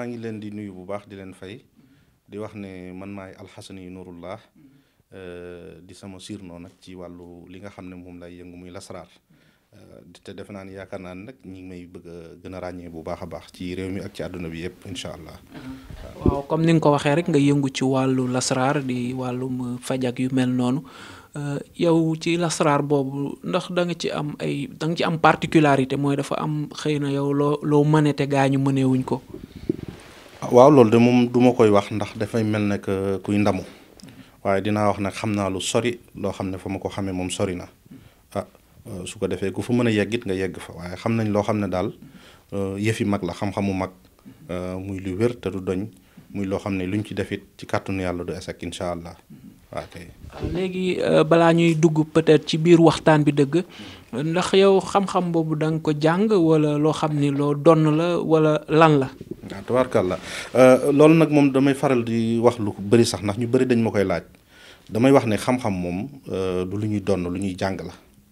maa ngi leen di nuyu bu baax di leen fay di wax ne man maay alxasani nurullah euh, di sama surnom nag ci wàllu li nga xam ne moom lay yëngu muy lasraar euh, te defe naa ni yaakaar naa ne nag ñi may bëgg gën a ràññee bu baax a baax ci réew mi ak ci àdduna bi yëpp incha allah. Uh-huh. comme ni nga ko waxee rek yëngu ci wàllu lasraar di wàllum faj yu mel noonu. Euh, yow ci lasraar boobu ndax da nga ci am ay da ci am particularité mooy dafa am xëy na yow loo loo mënete gaa ñu mënewuñ ko waaw loolu de moom duma koy wax ndax dafay mel na que kuy ndamu waaye dinaa wax nag xam naa lu sori loo xam ne fa ma ko xamee moom sori na ah euh, su ko defee ku fa mën a yegg it nga yegg fa waaye xam nañ loo xam ne daal euh, yëfi mag la xam-xamu mag euh, muy lu wér te du doñ muy loo xam ne lu luñ ci defit ci kàttanu yàlla du esek incha allah waaw kay léegi euh, balaa ñuy dugg peut-être ci biir waxtaan bi dëgg ndax yow xam-xam boobu da ko jàng wala loo xam ni loo donn la wala lan la. waaw tabaarkalla euh, loolu nag moom damay faral di wax lu bëri sax ndax ñu bari dañ ma koy laaj damay wax ne xam-xam moom euh, du lu ñuy donn lu ñuy jàng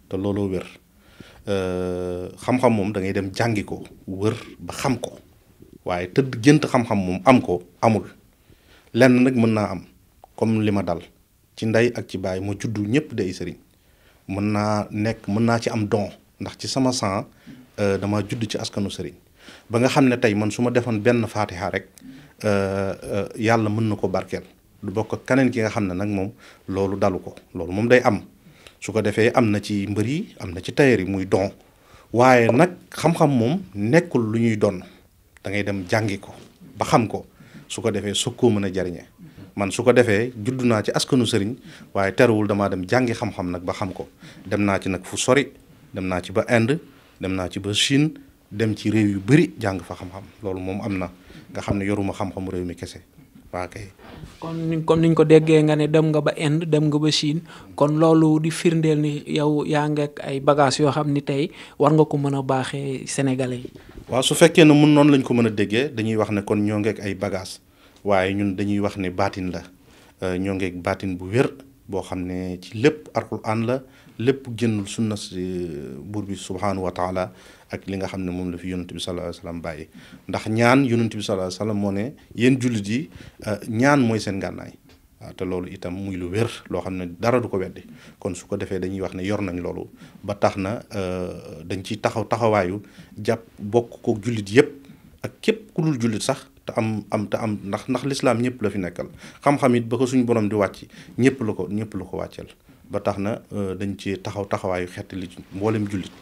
te looloo wér xam moom da dem jàngi ko wër ba xam ko waaye tëdd gént xam-xam moom am ko amul lenn nag mën naa am comme li ma dal. ci ndey ak ci baay ma juddu ñëpp day sëriñ mën naa nekk mën naa ci am don ndax ci sama sang euh, dama judd ci askanu sëriñ ba nga xam ne tey man su ma defoon benn faatiha rek euh, euh, yàlla mën na ko barkeel du bokk keneen ki nga xam ne nag moom loolu dalu ko loolu moom day am su ko defee am na ci mbër yi am na ci tailleur yi muy don waaye nag xam-xam moom nekkul lu ñuy doon da ngay dem jàngi ko ba xam ko su ko defee su ko mën a jariñe man su ko defee juddu naa ci askanu sëriñ waaye terewul damaa dem jàngi xam-xam nag ba xam ko dem naa ci nag fu sori dem naa ci ba Inde dem naa ci ba Chine dem ci réew yu bëri jàng fa xam-xam loolu moom am na nga xam ne yoruma xam-xamu réew mi kese waa kay. kon ni niñ ko déggee nga ne dem nga ba Inde dem nga ba Chine kon loolu di firndeel ni yow yaa ngi ay bagages yoo xam ni tey war nga ko mën a baaxee sénégalais yi. waaw su fekkee ne mun noonu lañ ko mën a déggee dañuy wax ne kon ñoo ngi ay bagages. waaye ñun dañuy wax ne baatin la euh, ñoo ngeeg baatin bu wér boo xam ne ci lépp alxuraan la lépp génnul sunna si euh, buur bi subhaanahu wa taala ak li nga xam ne moom la fi yonent bi sallallahu alayhi wasallam bàyyi ndax ñaan yonent bi sallallahu alayhi wasallam moo ne yéen jullit yi euh, ñaan mooy seen gànnaay waaw loolu itam muy lu wér loo xam ne dara du ko weddi kon su ko defee dañuy wax ne yor nañ loolu ba tax na dañ ciy taxaw taxawaayu jàpp bokk ko jullit yépp ak képp ku dul jullit sax te am am te am ndax ndax lislaam ñëpp la fi nekkal xam-xam it ba ko suñu borom di wàcc ñëpp la ko ñëpp la ko wàcceel ba tax na euh, dañ ci taxaw taxawaayu xeet li mboolem jullit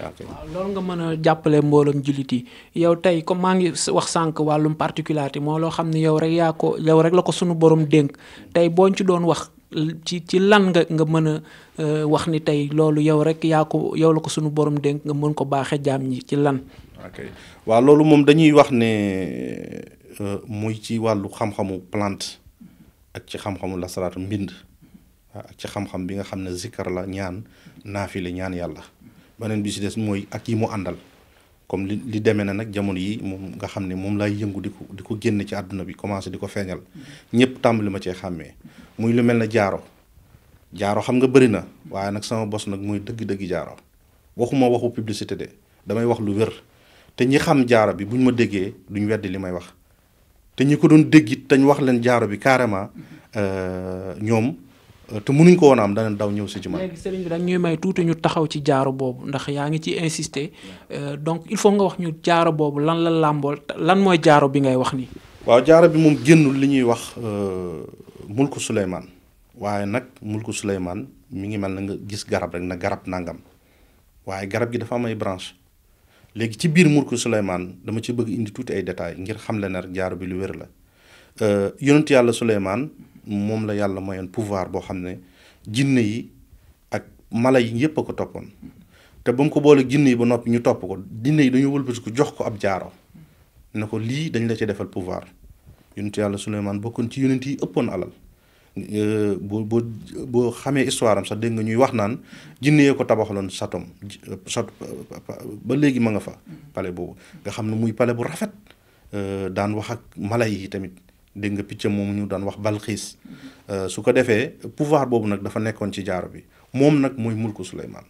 waaw loolu nga mën a jàppale mboolem jullit yi yow tey comme maa ngi wax sànq wàllum particularité moo loo xam ne yow rek yaa ko yow rek la ko suñu borom dénk tey booñ ci doon wax ci ci lan nga nga mën a euh, wax ni tey loolu yow rek yaa ko yow la ko suñu borom dénk nga mën ko baaxee jaam ñi ci lan ok waaw loolu moom dañuy wax ne euh, mooy ci wàllu xam-xamu plante ak ci xam-xamu lasaraatu mbind ak ci xam-xam bi nga xam ne zikkar la ñaan naafile ñaan yàlla beneen bi si des mooy ak yi mu àndal comme li li demee na nag jamono yi moom nga xam ne moom laay yëngu di ko di ko génn ci àdduna bi commencé di ko feeñal ñëpp tàmbali ma cee xàmmee muy lu mel ne jaaro jaaro xam nga bëri na waaye nag sama bos nag mooy dëgg-dëgg jaaro waxuma waxu publicité de damay wax lu wér te ñi xam jaaro bi bu ñu ma déggee duñ weddi li may wax te ñi ko doon dégg dañ wax leen jaaro bi carrément euh, ñoom euh, te nuñ ko woon am dana daw ñëw si ci man. léegi bi dañ ñuy may tuuti ñu taxaw ci jaaro boobu ndax yaa ngi ci insister euh, donc il faut nga wax ñu jaaro boobu lan la làmbool lan mooy jaaro bi ngay wax nii. waaw jaaro bi moom génnul li ñuy wax mulku Souleymane waaye nag mulku Souleymane mu ngi mel na nga gis garab rek na garab nangam waaye garab gi dafa am ay léegi ci biir Mulku Suleymaan dama ci bëgg indi tuuti ay détails ngir xam le ne rek jaaro bi lu wér la euh, yonent yàlla Suleymaan moom la yàlla mayoon pouvoir boo xam ne jinne yi ak mala yi yépp a ko toppoon te ba ko boole jinne yi ba noppi ñu topp ko jinne yi dañu wëlbatiku jox ko ab jaaro ne ko lii dañu la ci defal pouvoir yonent yàlla Suleymaan bokkoon ci yonent yi ëppoon alal Euh, bu bu xamee histoire am sax dégg nga ñuy wax naan jinnee ko tabaxaloon satom euh, sat euh, ba léegi ma nga fa pale boobu nga xam ne muy pale bu rafet daan wax ak mala yi tamit dégg nga picc moom ñu daan wax balxiis su ko defee pouvoir boobu nag dafa nekkoon ci jaaro bi moom nag mooy mulku Suleymaan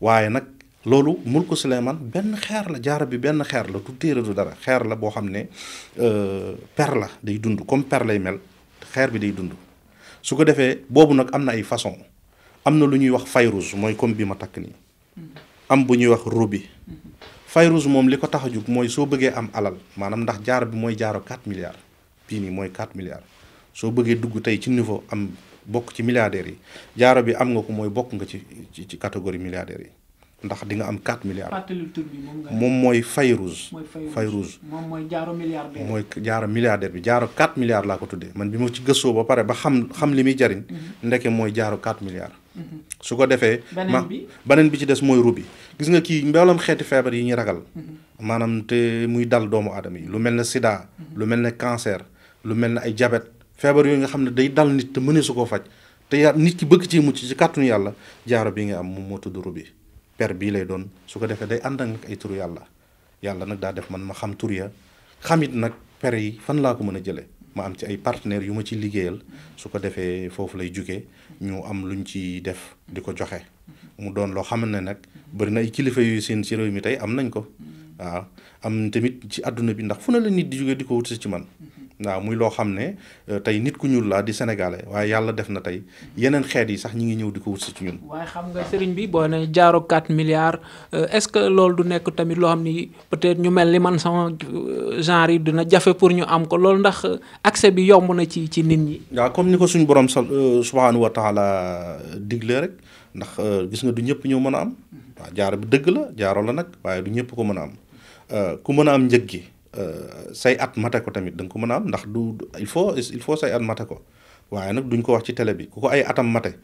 waaye nag loolu mulku Suleymaan benn xeer la jaaro bi benn xeer la du téere du dara xeer la boo xam ne per la day dund comme per lay mel xeer bi day dund su ko defee boobu nag am na ay façon am na lu ñuy wax fayruus mooy comme bi ma takk nii am bu ñuy wax rubi fayruus moom li ko tax a jóg mooy soo bëggee am alal maanaam ndax jaar bi mooy jaaro 4 milliards bii nii mooy 4 milliards soo bëggee dugg tey ci niveau am bokk ci milliardaires yi jaaro bi am nga ko mooy bokk nga ci ci catégorie milliardaires yi ndax di nga am 4 milliards. moom mooy fay Fayrouz moom mooy jaaro milliardaire. mooy jaaro milliardaire bi jaaro 4 milliards laa ko tuddee man bi ma ci gësoo ba pare ba xam xam li muy jariñ. Mhm. ndeke mooy jaaro 4 milliards. Mhm. su ko defee. ma beneen bi ci des mooy rubi. gis nga kii mboolem xeeti feebar yi ñu ragal. Mhm. maanaam te muy dal doomu aadama yi lu mel ne sidaa lu mel ne cancer lu mel ne ay jabet feebar yooyu nga xam ne day dal nit te mënee su koo faj te ya nit ki bëgg ci mucc ci kàttanu yàlla jaaro bi nga am moom moo tudd rubi. per bii lay doon su ko defee day ànd ak ay turu yàlla yàlla nag daa def man ma xam tur ya xamit nag per yi fan laa ko mën a jëlee ma am ci ay partenaires yu ma ci liggéeyal su ko defee foofu lay jugee ñu am lu luñ ci def di ko joxe mu doon loo xam ne nag bëri na ay kilifa yooyu seen ci réew mi tey am nañ ko waaw am tamit ci àdduna bi ndax fu ne la nit di jugee di ko wut si ci man waaw muy loo xam ne euh, tey nit ku ñuul laa di sénégalais waaye yàlla def na tey yeneen xeet yi sax ñi ngi ñëw di ko wut si ci ñun. waaye xam nga sëriñ bi boo ne jaaro 4 milliards euh, est-ce que loolu du nekk tamit loo xam ni peut-être ñu mel ni man sama euh, genre yi dina jafe pour ñu am ko loolu ndax accès bi yomb na ci ci nit ñi. waaw comme ni ko suñu borom sa subhaanahu wa taala digle rek ndax gis nga du ñëpp ñëw mën a am. Mm-hmm. waa jaaro bi dëgg la jaaro la nag waaye du ñëpp ko mën a am ku a am njëg gi. Euh, say at mate ko tamit da nga ko mën a am ndax du il faut il faut say at mate ko waaye nag duñ ko wax ci tele bi ku ko ay atam mate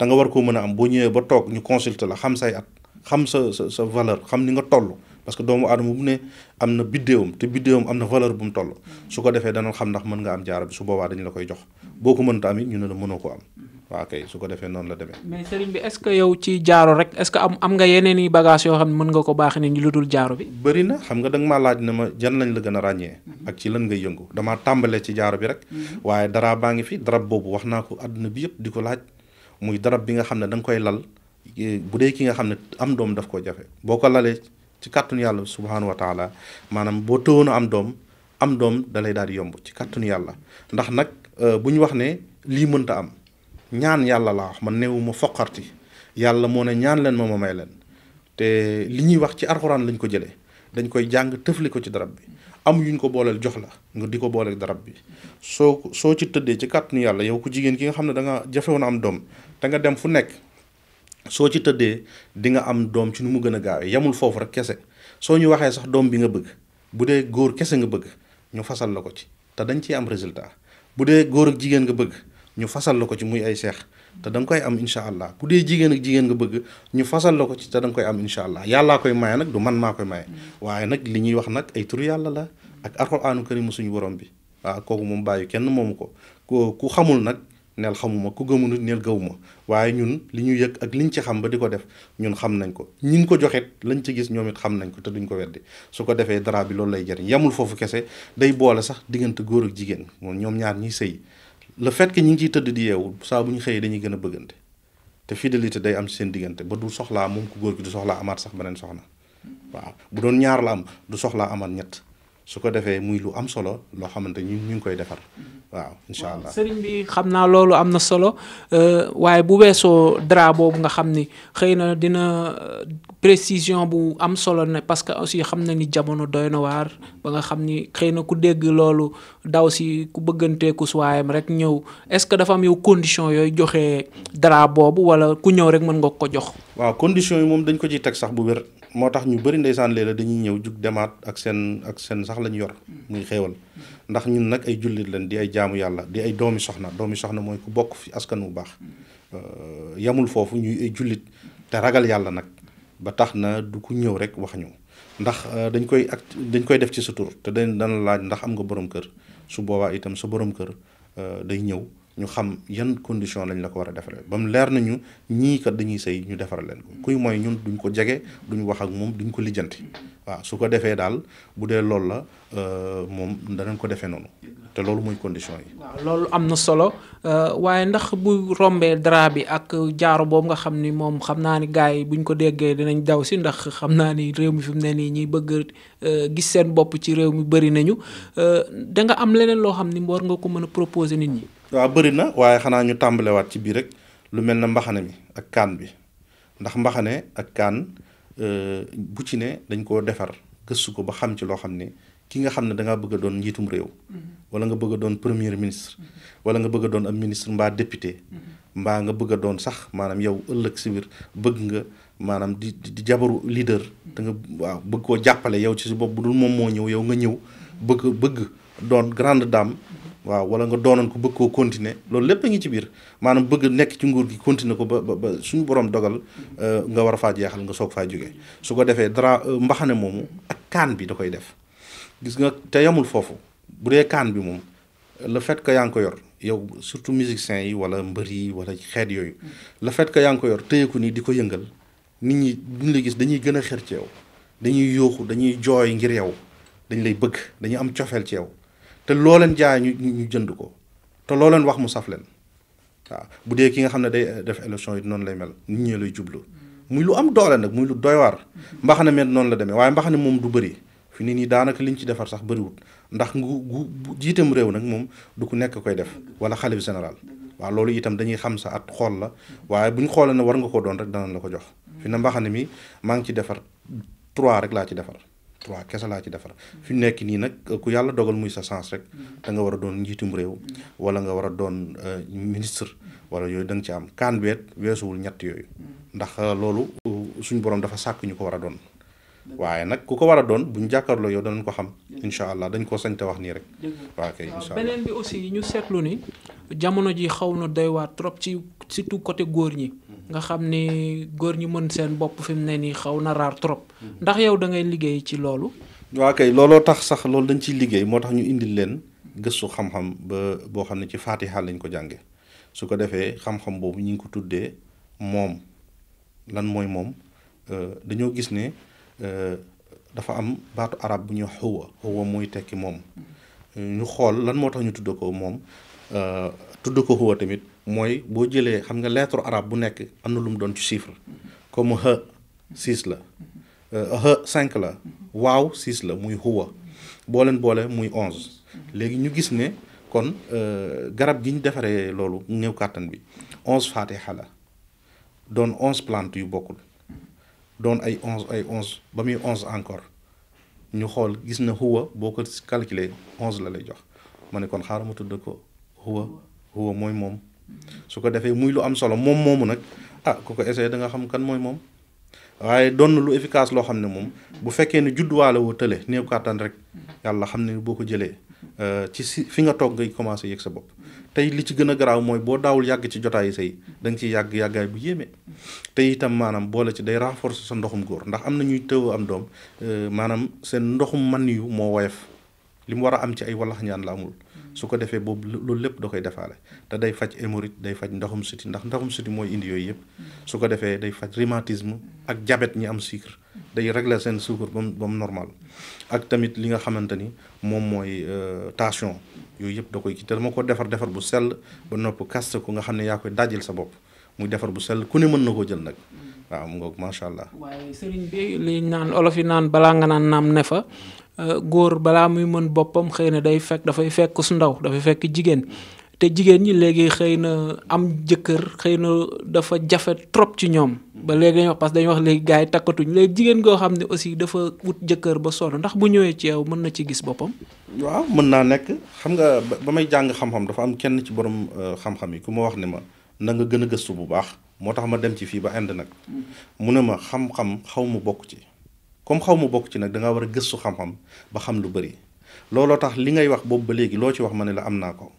da nga war koo mën a am boo ñëwee ba toog ñu consulter la xam say at xam sa sa sa valeur xam ni nga toll parce que doomu aadama bu ne am na biddéewam te biddéewam am na valeur bu mu su ko defee dana xam ndax mën nga am jaara bi su boobaa dañu la koy jox boo ko mënta am it ñu ko am su ko defee noonu la demee. mais sëriñ bi est-ce que yow ci jaaro rek est-ce que am am nga xam ne mën ko baax ni ñu lu dul jaaro bi. na xam nga da na ma jan lañ la gën a ràññee. Mhm. ak ci lan ngay yëngu damaa tàmbalee jaaro bi rek. Mhm. waaye dara baa ngi fi darab boobu wax naa ko àdduna bi yëpp di ko laaj muy darab bi nga xam ne da koy lal eh, bu dee ki nga xam ne am doom daf koo jafe boo ko lalee ci kàttanu yàlla subhaanahu wa maanaam boo tëwoon am doom am doom dalay lay daal di yomb ci kàttanu yàlla ndax nag euh, bu ñu wax ne lii mënta am ñaan yàlla laa wax man néew ma foqarti yàlla moo ne ñaan leen ma ma may leen te li ñuy wax ci alxuraan lañ ko jëlee dañ koy jàng tëfli ko ci darab bi am yuñ ko booleel jox la nga di ko booleel darab bi soo soo ci tëddee ci kàttanu yàlla yow ko jigéen ki nga xam ne da nga jafe woon am doom te nga dem fu nekk. soo ci tëddee di nga am doom ci nu mu gën a gaawee yamul foofu rek kese soo ñu waxee sax doom bi nga bëgg bu dee góor kese nga bëgg ñu fasal la ko ci te dañ ciy am résultat bu dee góor jigéen nga bëgg ñu fasal la ko ci muy ay seex te da koy am incha allah bu dee jigéen ak jigéen nga bëgg ñu fasal la ko ci te da koy am incha allah yàllaa koy maye nag du man maa koy maye waaye nag li ñuy wax nag ay tur yàlla la ak alquraanu karimu suñu borom bi waaw kooku moom bàyyi kenn moomu ko ku xamul nag. neel xamuma ku gëmunut neel gëwuma waaye ñun li ñu yëg ak li ñu ci xam ba di ko def ñun xam nañ ko ñin ko joxet lañ ci gis ñoom it xam nañ ko te duñ ko weddi su ko defee dara bi loolu lay jariñ yemul foofu kese day boole sax diggante góor ak jigéen moom ñoom ñaar ñiy sëy le fait que ñi ngi ciy tëdd di yeewu saa bu ñu xëyee dañuy gën a bëggante te fidélité day am ci seen diggante ba du soxlaa moom ku góor gi du soxlaa amaat sax beneen soxna waaw bu doon ñaar la du soxlaa amaat ñett su ko defee muy lu am solo loo xamante ñu ñu ngi koy defar waaw incha allah sëriñ bi xam naa loolu am na solo euh, waaye bu weesoo drap boobu nga xam ni xëy na dina euh, précision bu am solo ne parce que aussi xam na ni jamono doy na waar ba nga xam ni xëy na ku dégg loolu daw si ku bëgganteeku suwaayam rek ñëw est-ce que dafa am yow condition yooyu joxe drap boobu wala ku ñëw rek mën nga ko jox. waaw condition yi moom dañ ko ciy teg sax bu wér moo tax ñu bëri ndeysaan léeg-léeg dañuy ñëw jug demaat ak seen ak seen sax lañ yor muy xéewal ndax ñun nag ay jullit lañ di ay jaamu yàlla di ay doomi soxna doomi soxna mooy ku bokk fi askan wu baax euh, yamul foofu ñuy ay jullit te ragal yàlla nag ba tax na du ku ñëw rek wax ñu ndax euh, dañ koy ak dañ koy def ci sa tur te dañ dana laaj ndax am nga borom kër su boobaa itam sa borom kër euh, day ñëw ñu xam yan condition lañ la ko war a defaree ba mu leer nañu ñii kat dañuy sëy ñu defar leen ko kuy mooy ñun duñ ko jege duñ wax ak moom duñ ko lijjanti waaw su ko defee daal bu dee loolu la euh, moom danañ ko defee noonu te loolu mooy condition yi. waaw loolu am na solo euh, waaye ndax bu rombee dara bi ak jaaro boobu nga xam ni moom xam naa ni gars yi buñ ko déggee danañ daw si ndax xam naa ni réew mi fi mu ne nii ñuy bëgg euh, gis seen bopp ci réew mi bëri nañu da nga am leneen loo xam ni war nga ko mën a proposer nit ñi. waaw bëri na waaye xanaa ñu tàmbalewaat ci biir rek lu mel na mbaxane mi ak kaan bi ndax mbaxane ak kaan euh, bu ci ne dañ koo defar gëstu ko ba xam ci loo xam ne ki nga xam ne danga bëgg doon njiitum réew mm-hmm. wala nga bëgg doon premier ministre mm-hmm. wala nga bëgg doon ab ministre mbaa député mm-hmm. mbaa nga bëgg a doon sax maanaam yow ëllëg si bëgg nga maanaam di di jabaru leader da nga waaw bëgg koo jàppale yow ci si bopp bu dul moom moo ñëw yow nga ñëw bëgg bëgg doon grande dame waaw wala nga doonoon ko bëgg koo continuer loolu lépp a ngi ci biir maanaam bëgg nekk ci nguur gi continuer ko ba ba suñu borom dogal euh, nga war a faa jeexal nga soog faa jógee su ko defee dara euh, mbaxane moom ak kaan bi da koy def gis nga te yamul foofu bu dee kaan bi moom la fet que yaa ngi ko yor yow surtout musiciens yi wala mbër yi wala xeet yooyu le fet que yaa ngi ko yor téyeku nii di ko yëngal nit ñi duñ la gis dañuy gën a xër ci yow dañuy yooxu dañuy jooy ngir yow dañ lay bëgg dañuy am cofeel ci yow te loo leen jaay ñu ñu jënd ko te loo leen wax mu saf leen waaw bu dee ki nga xam ne day def élection yi noonu lay mel nit ñee lay jublu muy lu am doole nag muy lu doy waar mbaxane met noonu la demee waaye mbaxane moom du bëri fi nit ñi daanaka liñ ci defar sax bëriwut ndax ngu gu jiitam réew nag moom du ku nekk koy def wala bi général waaw loolu itam dañuy xam sa at xool la waaye bu ñu xoolee ne war nga koo doon rek danañ la ko jox fi na mbaxane mi maa ngi ci defar trois rek laa ci defar trois kese laa ci defar fi mu nekk nii nag ku yàlla dogal muy sa sens rek danga war a doon njiitum réew wala nga war a doon euh, ministre wala yooyu da nga ci am kaan beet weesuwul ñett yooyu ndax euh, loolu suñu borom dafa sàkk ñu ko war a doon waaye nag ku ko war a doon bu ñu jàkkaarloo yow danañ ko xam incha allah dañ ko sañ wax nii rek waa kay incha allah beneen bi aussi ñu seetlu ni jamono ji xaw na doy waar trop ci surtout côté góor ñi nga xam ni góor ñi mën seen bopp fi mu ne nii xaw na raar trop ndax yow da ngay liggéey ci loolu. waa kay looloo tax sax loolu dañ ciy liggéey moo tax ñu indil leen gëstu xam-xam ba boo xam ne ci Faatiha lañ ko jàngee su ko defee xam boobu ñu ngi ko tuddee moom lan mooy moom euh, dañoo gis ne euh, dafa am baatu arab bu ñu wax xuwa xuwa mooy tekki moom ñu xool lan moo tax ñu tudd ko moom Euh, tudd ko huwa tamit mooy boo jëlee xam nga lettre arabe bu nekk am na lu mu doon ci chiffre comme ha six la ha euh, cinq la waaw six la muy huwa boo leen boole muy onze léegi ñu gis ne kon euh, garab gi ñu defaree loolu néew kàttan bi onze fatiha la doon onze plant yu bokkul doon ay onze ay onze ba muy onze encore ñu xool gis na huwa boo ko calculer onze la lay jox ma ne kon xaaral ma tudd ko huwa huwa mooy moom su ko defee muy lu am solo moom moomu nag ah ku ko essayé da nga xam kan mooy moom waaye doon na lu efficace loo xam ne moom bu fekkee ne judduwaale woo tële néew kàttan rek yàlla xam ne boo ko jëlee euh, ci si fi nga toog ngay commencé yëg sa bopp tey li ci gën a garaaw mooy boo daawul yàgg ci jotaayu say da nga ciy yàgg yàggaay bu yéeme tey itam maanaam boole ci day force sa ndoxum góor ndax am na ñuy tëw am doom euh, maanaam seen ndoxum man yu moo woyof li mu war a am ci ay wallax ñaan su ko defee boobu loolu lépp da koy defaale te day faj hémorroïde day faj ndoxum siti ndax ndoxum siti mooy indi yooyu yëpp su ko defee day faj rhumatisme ak diabète ñi am sucre day régler seen sucre ba mu ba mu normal ak tamit li nga xamante ni moom mooy euh, tension yooyu yëpp da koy kii te dama ko defar defar bu sell ba nopp kaste ko nga xam ne yaa koy dajil sa bopp muy defar bu sell ku ne mën na koo jël nag waaw mu ngoog macha allah. olof yi naan balaa nga naan naam ne fa Euh, góor balaa muy mën boppam xëy na day fekk dafay fekk su ndaw dafay fekk jigéen te jigéen ñi léegi xëy na am jëkkër xëy na dafa jafe trop ci ñoom ba léegi dañuy wax parce que dañuy wax léegi gars yi takkatuñ léegi jigéen goo xam ne aussi dafa wut jëkkër ba sonn ndax bu ñëwee ci mën na ci gis boppam. waaw mën naa nekk xam nga ba may jàng xam-xam dafa am kenn ci borom euh, xam-xam yi ku ma wax ne ma na nga gën a gëstu bu baax moo tax ma dem ci fii ba Inde nag mm. mu ne ma xam xaw ma bokk ci. comme xaw ma bokk ci nag da nga war a gëstu xam-xam ba xam lu bëri looloo tax li ngay wax boobu ba léegi loo ci wax ma ne la am naa ko.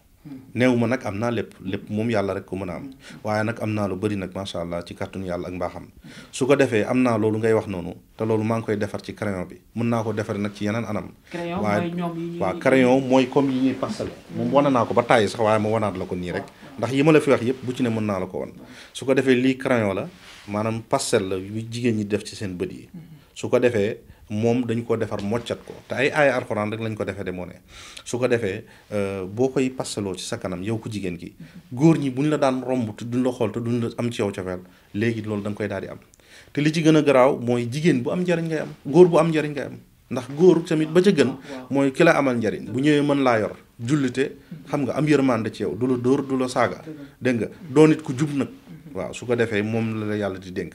néew ma nag am naa lépp lépp moom yàlla rek ko mën a am waaye nag am naa lu bëri nag macha allah ci kàttanu yàlla ak mbaaxam su ko defee am naa loolu ngay wax noonu te loolu maa ngi koy defar ci crayon bi mun naa ko defar nag ci yeneen anam. waaye waaw crayon mooy comme yi ñuy pastel moom naa ko ba tàyyi sax waaye ma wanaat la ko nii rek ndax yi ma la fi wax yëpp bu ci ne ko wan su ko defee lii crayon la maanaam pastel la yu jigéen ñi def ci seen bët yi su ko defee moom dañ ko defar moccat ko te ay aaya alxuraan rek lañ ko defee de moo ne su ko defee euh, boo koy passaloo ci sa kanam yow ku jigéen ki góor ñi buñ la daan romb te duñ la xool te duñ la am ci yow léegi loolu da koy daal di am li ci gën a garaaw mooy jigéen bu am am góor bu am njariñ ngay am ndax góor tamit ba ca gën mooy ki la amal njariñ bu ñëwee mën laa yor jullite xam nga am yërmande ci yow du la dóor du la saaga dégg nga doo nit ku jub nag waaw su ko defee moom la la yàlla di dénk.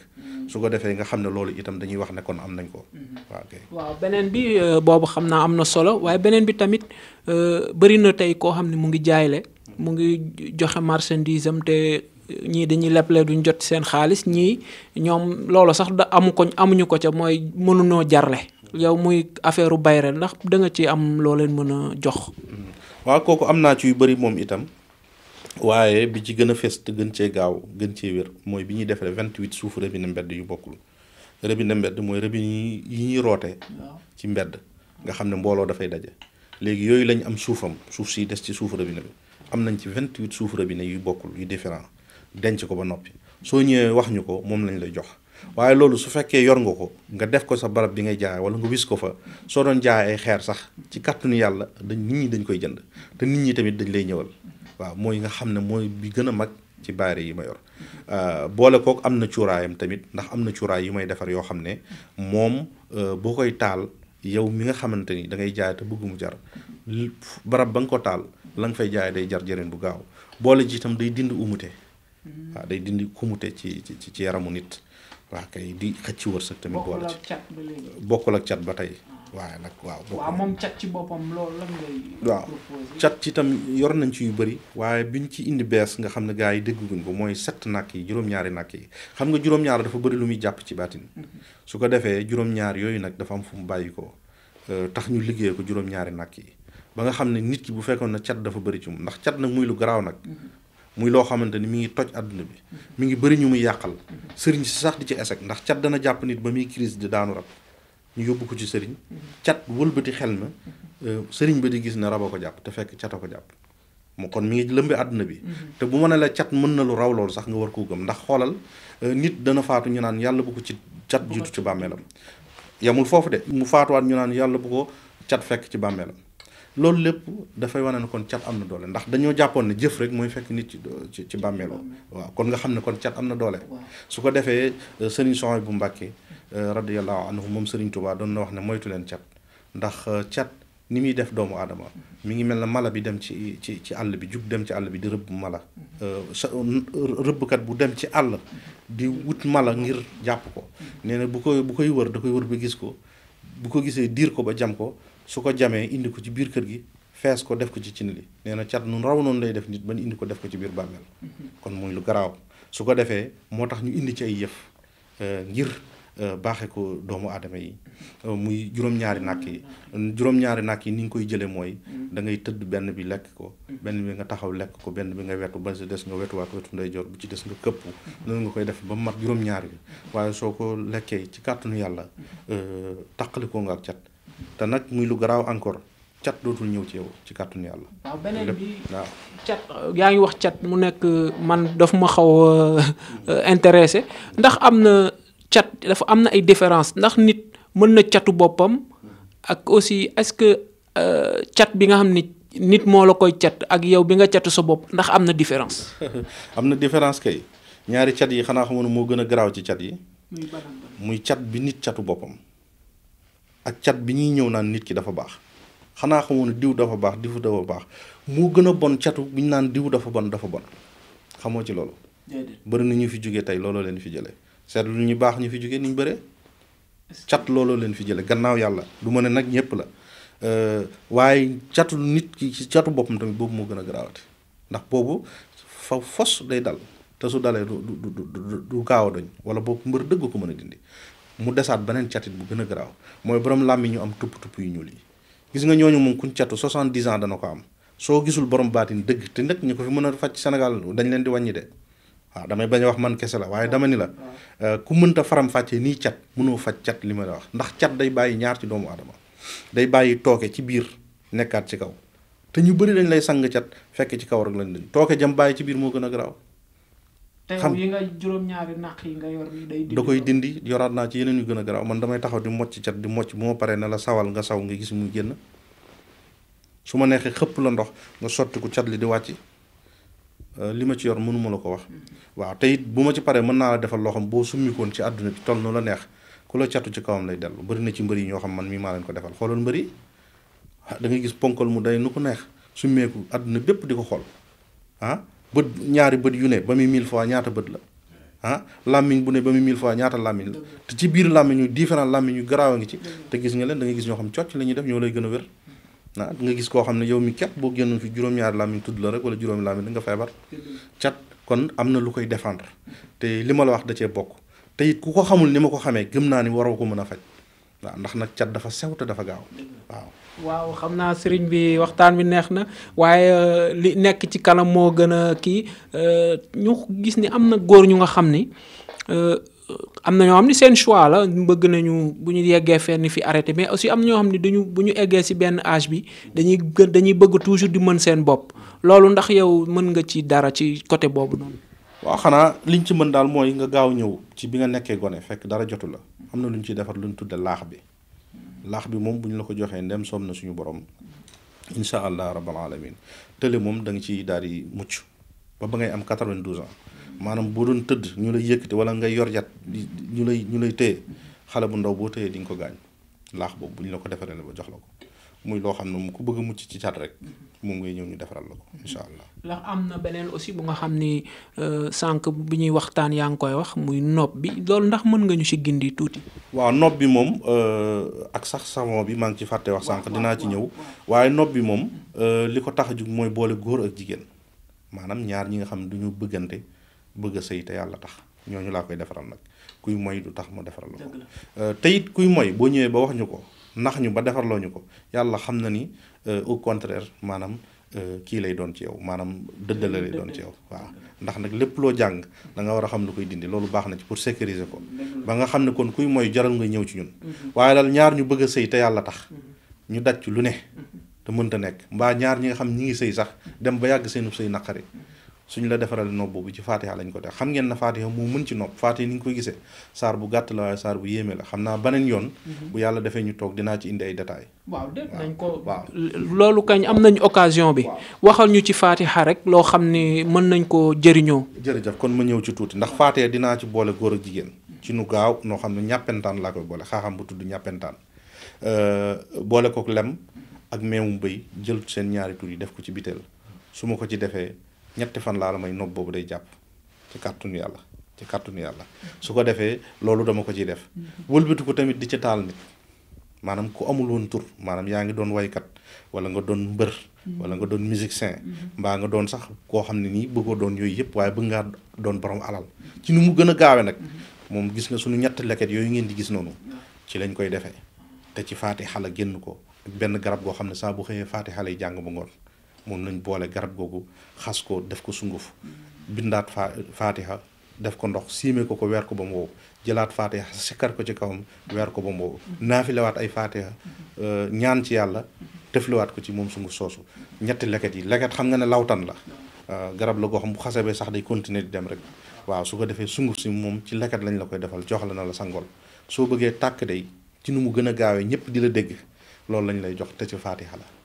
su ko defee nga xam ne loolu itam dañuy wax ne kon am nañ ko. Mm-hmm. waaw beneen bi euh, boobu xam naa am na solo waaye beneen bi tamit euh, bari na tey koo xam ne mu ngi jaayle mu ngi joxe marchandise am euh, ñii dañuy leble duñ jot seen xaalis ñii ñoom loolu sax da amu ko amuñu ko ca mooy mënunoo jarle yow muy affaire u bayre ndax da nga ci am loo leen mën a jox mm-hmm. waaw kooku am naa ci yu bëri moom itam waaye bi ci gën a fes te gën cee gaaw gën cee wér mooy bi ñuy defaree vingt huit suuf robinet mbedd yu bokkul robinet mbedd mooy robinet yi ñuy rootee ci mbedd nga xam ne mbooloo dafay daje léegi yooyu lañ am suufam suuf si des ci suuf robinet bi am nañ ci vingt huit suuf robinet yu bokkul yu différent denc ko ba noppi soo ñëwee wax ñu ko moom lañ lay jox waaye loolu su fekkee yor nga ko nga def ko sa barab bi ngay jaay wala nga wis ko fa soo doon jaay ay xeer sax ci kàttanu yàlla dañ nit ñi dañ koy jënd te nit ñi tamit dañ lay ñëwal waaw mooy nga xam ne mooy bi gën a mag ci baare yi ma yor euh, boole kook am na cuuraayam tamit ndax am na cuuraay yu may defar yoo xam ne moom euh, boo koy taal yow mi nga xamante ni da ngay jaay te bëgg mu jar barab ba nga ko taal la nga fay jaay day jar jëreen bu gaaw boole ji itam day dindi umute hmm. waaw day dindi kumute ci ci ci yaramu nit waaw kay di xëcc wërsëg tamit boole ci bokkul ak cat ba tey waaye nag waaw. waaw moom cat ci boppam loolu lan waaw cat ci tam yor nañ ci yu bëri. waaye biñ ci indi bees nga xam ne gars yi dégguñ ko mooy sett nàkk yi juróom-ñaari nàkk yi xam nga juróom-ñaar dafa bëri lu muy jàpp ci baatin. Mhm. su ko defee juróom-ñaar yooyu nag dafa am fu mu bàyyi ko euh, tax ñu liggéey ko juróom-ñaari nàkk yi ba nga xam ne nit ki bu fekkoon na cat dafa bëri ci moom ndax cat nag muy lu garaaw nag. Mhm. muy loo xamante ni mi ngi toj àdduna bi. Mhm. mi ngi bëri ñu muy yàqal. sëriñ si sax di ci esek ndax cat dana jàpp nit ba muy crise di daanu ñu yóbbu ko ci sëriñ cat wëlbati xel ma euh, sëriñ ba di gis ne raba ko jàpp te fekk cata ko jàpp mu kon mi ngi lëmbe àdduna bi mm-hmm. bu ma la cat mën na lu raw loolu sax nga war koo gëm ndax xoolal euh, nit dana faatu ñu naan yàlla bu ko ci cat ci bàmmeelam yamul foofu de mu faatuwaat ñu naan yàlla bu ko cat fekk ci bàmmeelam loolu lépp dafay wane ne kon cat am na doole ndax dañoo jàppoon ne jëf rek mooy fekk nit ci ci bàmmeeloo waaw kon nga xam ne kon cat am na doole su ko defee euh, sëriñ Sohaybu bu Mbàkke Euh, radiallahu anhu moom Sëriñ Tuubaa doon na wax ne moytu leen cat ndax euh, cat ni muy def doomu aadama mi ngi mel ne mala bi dem ci ci ci àll bi jub dem ci àll bi di rëbb mala euh, rëbbkat bu dem ci àll di wut mala ngir jàpp ko nee na bu koy bu koy wër da koy wër ba gis ko bu ko gisee diir ko ba jam ko su ko jamee indi ko ci biir kër gi fees ko def ko ci cin li nee na cat nun raw noonu lay def nit ba indi ko def ko ci biir bàmmeel mhm. kon muy lu garaaw su ko defee moo tax ñu indi ci ay yëf ngir Euh, baaxee ko doomu aadama yi euh, muy juróom-ñaari nàkk yi juróom-ñaari nàkk yi ni nga koy jëlee mooy mm. da ngay tëdd benn bi lekk ko mm. benn bi nga taxaw lekk ko benn bi nga wetu ba ci des nga wetuwaat wetu ndeyjoor bu ci des nga këpp mm. noonu nga koy def ba mu mat juróom-ñaar bi waaye soo ko lekkee ci kàttanu yàlla euh, taqalikoo nga ak cat te nag muy lu garaaw encore cat dootul ñëw ci yow ci kàttanu yàlla. waaw beneen bi cat yaa ngi wax cat mu nekk man daf ma xaw a intéressé ndax am na cat dafa am na ay différence ndax nit mën na catu boppam ak aussi est-ce que euh, cat bi nga xam ni nit moo la koy cat ak yow bi nga catu sa bopp ndax am na différence. am na différence kay ñaari cat yi xanaa xamoon moo gën a garaaw ci cat yi. muy cat bi nit catu boppam ak cat bi ñuy ñëw naan nit ki dafa baax xanaa xamoon diw dafa baax diw dafa baax moo gën a bon catu bi ñu naan diw dafa bon dafa bon xamoo ci loolu. bëri na ñu fi jógee tey looloo leen fi jëlee. seetlu ñu baax ñu fi jógee ni ñu bëree cat looloo leen fi jële gannaaw yàlla du ma ne nag ñëpp la euh, waaye catu nit ki ci catu boppam tamit boobu moo gën a garaawati ndax boobu fa fos day dal te su dalee du du du du gaaw a doñ wala boobu mbër dëgg ko mën a dindi mu desaat beneen catit bu gën a garaaw mooy borom làmmi ñu am tupp tupp yu ñuul yi gis nga ñooñu moom kuñ catu soixante-dix ans dana ko am soo gisul borom baatin dëgg te nag ñu ko fi mën a faj Sénégal dañ leen di wàññi de waaw damay bañ a wax man kese la waaye dama ni la euh, ku mënta faram-fàccee nii cat mënoo faj cat li ma la wax ndax cat day bàyyi ñaar ci doomu aadama day bàyyi tooke ci biir nekkaat ci kaw te ñu bëri dañ lay sang cat fekk ci kaw rek lañ leen tooke jam bàyyi ci biir moo gën a garaaw. xam yi juróom-ñaari naq da koy dindi yoraat naa ci yeneen yu gën a garaaw man damay taxaw di mocc cat di mocc moo pare paree ne la sawal nga saw nga gis muy génn su ma neexee xëpp la ndox nga sotti ko cat li di wàcc Euh, li ma ci yor mënuma la ko wax waaw te bu ma ci paree mën naa la defal loo xam boo summikoon ci àdduna bi toll nu la neex ku la catu ci kawam lay dellu bari na ci mbër yi ñoo xam man mii maa leen ko defal xoolal mbër yi ah, da gis ponkal mu day nu ko neex summeeku àdduna bépp di ko xool ah bët ñaari bët yu ne ba muy mille fois ñaata bët la ah làmmiñ bu ne ba muy mille fois ñaata làmmiñ la te ci biir làmmiñ yu différent làmmiñ yu garaaw a ngi ci te gis nga leen da ngay gis ñoo xam cocc la ñuy def ñoo lay gën a ah nga gis koo xam ne yow mi kat boo génnoon fi juróom-ñaari làmmiñ tudd la rek wala juróomi làmmiñ nga feebar cat kon am na lu koy défendre te li ma la wax da bokk te it ku ko xamul ni ma ko xamee gëm naa ni waroo ko mën a faj waaw ndax nag cat dafa sew te dafa gaaw waaw. xam naa sëriñ bi waxtaan bi neex na waaye euh, li nekk ci kanam moo gën a kii euh, ñu gis ni am na góor ñu nga xam ni euh, am na ñoo xam ni seen choix la bëgg nañu bu ñu yeggee fenn fi arrêté mais aussi am ñoo xam ni dañu bu ñu eggee ci benn âge bi dañuy gën dañuy bëgg toujours di mën seen bopp loolu ndax yow mën nga ci dara ci côté boobu noonu. waaw xanaa liñ ci mën daal mooy nga gaaw ñëw ci bi nga nekkee gone fekk dara jotu la am na lu ñu ciy defar lu ñu tudde laax bi laax bi moom bu ñu la ko joxee ndem soom na suñu borom incha allah rabbal alamin tële moom da nga ciy daal di mucc ba ba ngay am 92 ans. maanaam boo doon tëdd ñu lay yëkkati wala ngay yor yat ñu lay ñu lay téye xale bu ndaw boo téyee di nga ko gaañ laax boobu bu ñu la ko defaree la ba jox la ko muy loo xam ne mu ko bëgg mucc ci cat rek moom ngay ñëw ñu defaral la ko incha allah. ndax am na beneen aussi bu nga xam ni euh, sànq bi ñuy waxtaan yaa ngi koy wax muy nopp bi loolu ndax mën nga ñu si gindi tuuti. waaw nopp bi moom euh, ak sax savon bi maa ngi ci fàtte wax sànq dinaa ci ñëw waaye nopp bi moom euh, li ko tax a jug mooy boole góor ak jigéen maanaam ñaar ñi nga xam ne du ñu bëggante. bëgg a sëy te yàlla tax ñooñu laa koy defaral nag kuy moy du tax mu defaral la ko euh, te kuy moy boo ñëwee ba wax ñu ko nax ñu ba defarloo ñu ko yàlla xam na ni euh, au contraire maanaam euh, kii lay doon ci yow maanaam dëddale lay doon ci yow waaw ndax nag lépp loo jàng da nga war a xam lu koy dindi loolu baax na ci pour sécuriser ko ba xam ne kon kuy moy jaral nga ñëw ci ñun mm-hmm. waaye daal ñaar ñu bëgg a sëy te yàlla tax mm-hmm. ñu daj ci lu ne mm-hmm. te mënta nekk mbaa ñaar ñi nga xam ñi ngi sëy sax dem ba yàgg seenu sëy naqari suñ la defaral nopp boobu ci faatiha lañ ko def xam ngeen na faatiha moo mën ci nopp faatiha ni ñu ko gisee saar bu gàtt la waaye saar bu yéeme la xam naa beneen yoon mhm. bu yàlla defee ñu toog dinaa ci indi ay détails waaw def nañ ko loolu kañ am nañu occasion bi waxal ñu ci faatiha rek loo xam ni mën nañ ko jëriñoo jërëjëf kon ma ñëw ci tuuti ndax faatiha dinaa ci boole góor a jigéen mhm. ci nu gaaw noo xam ne ñàppentaan laa koy boole xaa xam bu tudd ñàppentaan euh, boole kook lem ak meewum bëy jël seen ñaari tur yi def ko ci biteel su ma ko ci defee ñetti fan laa la may nopp boobu day jàpp ci kàttanu yàlla ci kàttanu yàlla su ko defee loolu dama ko ciy def mm-hmm. wëlbati ko tamit di ci taal nit maanaam ku amul woon tur maanaam yaa ngi doon waykat wala nga doon mbër mm-hmm. wala nga doon musicien mm-hmm. mbaa nga doon sax koo xam ne nii bëggoo doon yooyu yëpp waaye bëgg ngaa doon borom alal ci ni mu gën a gaawe nag moom gis nga suñu ñetti leket yooyu ngeen di gis noonu ci lañ koy defee te ci faati xala génn ko benn garab goo xam ne saa bu xëyee faati xala yi jàng ba ngoon moom lañ boole garab googu xas ko def ko sunguf bindaat fa faatiha def ko ndox siimee ko ko weer ko ba mu jëlaat faatiha sikkar ko ci kawam weer ko ba mu wow naafilewaat ay faatiha euh, ñaan ci yàlla tëfliwaat ko ci moom sunguf soosu ñetti leket yi leket xam nga ne lawtan la euh, garab la goo xam bu xasee ba sax day continuer di dem rek waaw su ko defee sunguf si moom ci leket lañ la koy defal jox la na la sangool soo bëggee tàkk dey ci nu mu gën a gaawee ñëpp di la dégg loolu lañ lay jox te ci faatiha la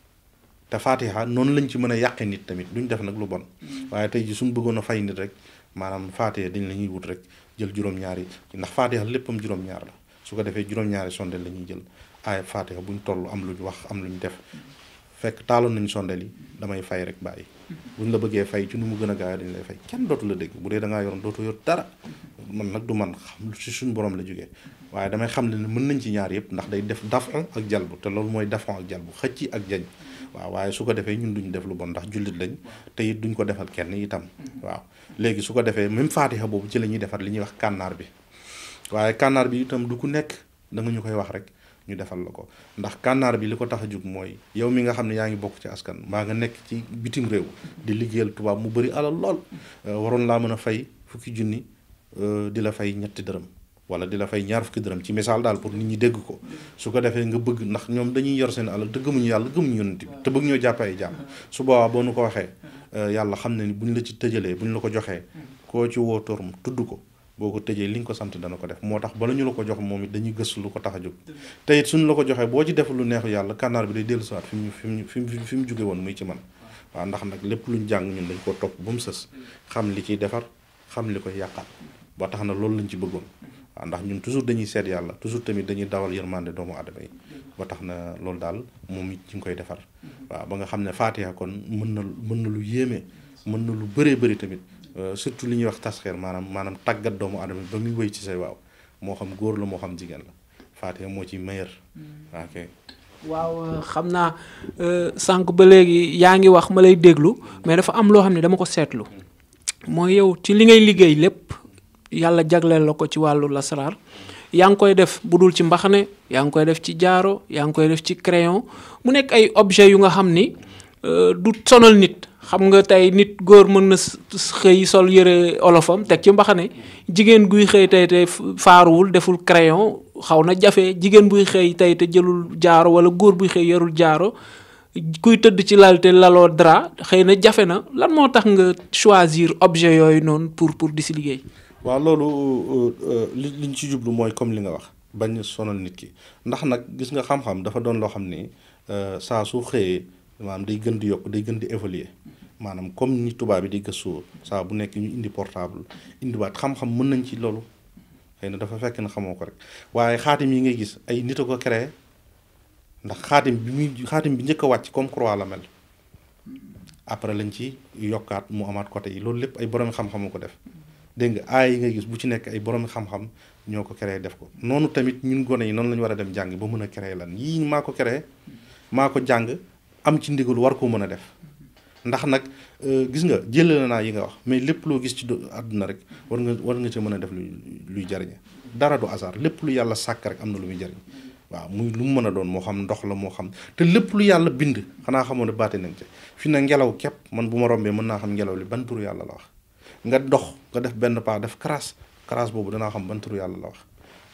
te faatiha noonu lañu ci mën a yàqe nit tamit duñ def nag lu bon mm-hmm. waaye te ji suñ bëggoon a fay nit rek maanaam faatiha dañ la ñuy wut rek jël juróom-ñaari ndax faatiha léppam juróom-ñaar la su ko defee juróom-ñaari sondeel la ñuy jël aaya faatiha buñ toll am luñ wax am luñ def mm-hmm. fekk taaloon nañ sondeel yi mm-hmm. damay fay rek bàyyi buñ la bëggee fay ci nu mu gën a gaaw dañ lay fay kenn dootu la dégg bu dee da ngaa yoroon dootu yor dara man nag du man xam ci suñ borom la jógee waaye damay xam ne mën nañ ci ñaar yëpp ndax day def dafon ak jalbu te loolu mooy dafon ak jalbu xëcc ak jañ waaw waaye su ko defee ñun duñu def lu bon ndax jullit lañ te duñ ko defal kenn itam waaw léegi su ko defee même faatiha boobu ci la ñuy defar li ñuy wax kànnaar bi waaye kànnaar bi itam du ku nekk da ñu koy wax rek ñu defal la ko ndax kànnaar bi li ko tax a jóg mooy yow mi nga xam ne yaa ngi bokk ci askan maa nga nekk ci bitim réew di liggéeyal tubaab mu bëri alal lool waroon laa mën a fay fukki junni euh, di la fay ñetti dërëm wala di la fay ñaar fukki dërëm ci misaal daal pour nit ñi dégg ko su ko defee nga bëgg ndax ñoom dañuy yor seen alal te gëmuñu yàlla gëmuñu yonent bi te bëgg ñoo jàpp ay su boobaa boo nu ko waxee euh, yàlla xam ne ni buñ la ci tëjalee buñ la ko joxee koo ci woo torum tudd ko boo ko tëjee li nga ko sant dana ko def moo tax bala ñu la ko jox moom it dañuy gëstu ko tax a jóg te it la ko joxee boo ci def lu neexu yàlla kànnaar bi day dellu siwaat fi mu fi mu fi mu fi mu jóge woon muy ci man waa ndax nag lépp luñ jàng ñun dañ ko topp ba mu sës xam li ciy defar xam li koy yàqaat ba tax na loolu lañ ci bëggoon waaw ah, ndax ñun toujours dañuy seet yàlla toujours tamit dañuy dawal yërmande doomu aadama yi ba tax na loolu daal moom it ci ngi koy defar waaw ba nga xam ne Fatiha kon mën na mën na lu yéeme mën na lu bëree bëri tamit euh, surtout li ñuy wax tasxeer maanaam maanaam tàggat doomu aadama yi ba muy wéy ci say waaw moo xam góor la moo xam jigéen la Fatiha moo ci meilleur hmm. ok waaw euh, xam naa euh, sànq ba léegi yaa ngi wax ma lay déglu mais dafa am loo xam ne dama ko seetlu hmm. mooy yow ci li ngay liggéey lépp yàlla jagleel la ko ci wàllu lasaraar yaa ngi koy def bu dul ci mbaxane yaa ngi koy def ci jaaro yaa ngi koy def ci crayon mu nekk ay objet yu nga xam ni euh, du sonal nit xam nga tey nit góor mën na xëy sol yëre olofam teg ci mbaxane jigéen guy xëy tey te faaruwul deful crayon xaw na jafe jigéen buy xëy tey te jëlul jaaro wala góor buy xëy yorul jaaro kuy tëdd ci lal te laloo drap xëy na jafe na lan moo tax nga choisir objet yooyu noonu pour pour di si liggéey waaw loolu euh, euh, li liñ ci jublu mooy comme li nga wax bañ sonal nit ki ndax nag gis nga xam-xam dafa doon loo xam ni euh, saa su xëyee maanaam day gën di yokk day gën di évoluer maanaam comme ni tubaab bi di gëstu saa bu nekk ñu indi portable indiwaat xam-xam mën nañ ci loolu xëy na dafa fekk na xamoo ko rek waaye xaatim yi ngay gis ay nit a ko créé ndax xaatim bi muy xaatim bi njëkk a wàcc comme croix après lañ ci yokkaat mu amaat côté loolu lépp ay borom xam ko def dégg nga aay yi ngay gis bu ci nekk ay borom xam-xam ñoo ko créé def ko noonu tamit ñun gone yi noonu lañu war a dem jàng ba mën a créé lan yii maa ko créé maa ko jàng am ci ndigal war ko mën a def ndax nag euh, gis nga jëlale naa yi nga wax mais lépp loo gis ci àdduna rek war nga war nga ci mën a def luy luy jariñe dara du hasard lépp lu yàlla sàkk rek am na lu muy jariñ waaw muy lu mu mën a doon moo xam ndox la moo xam te lépp lu yàlla bind xanaa xamoon ne baate nañ ci fi na ngelaw képp man bu ma rombee mën naa xam ngelaw li banturu yàlla la wax nga dox nga def benn pas def crasse crasse boobu dinaa xam ban yàlla la wax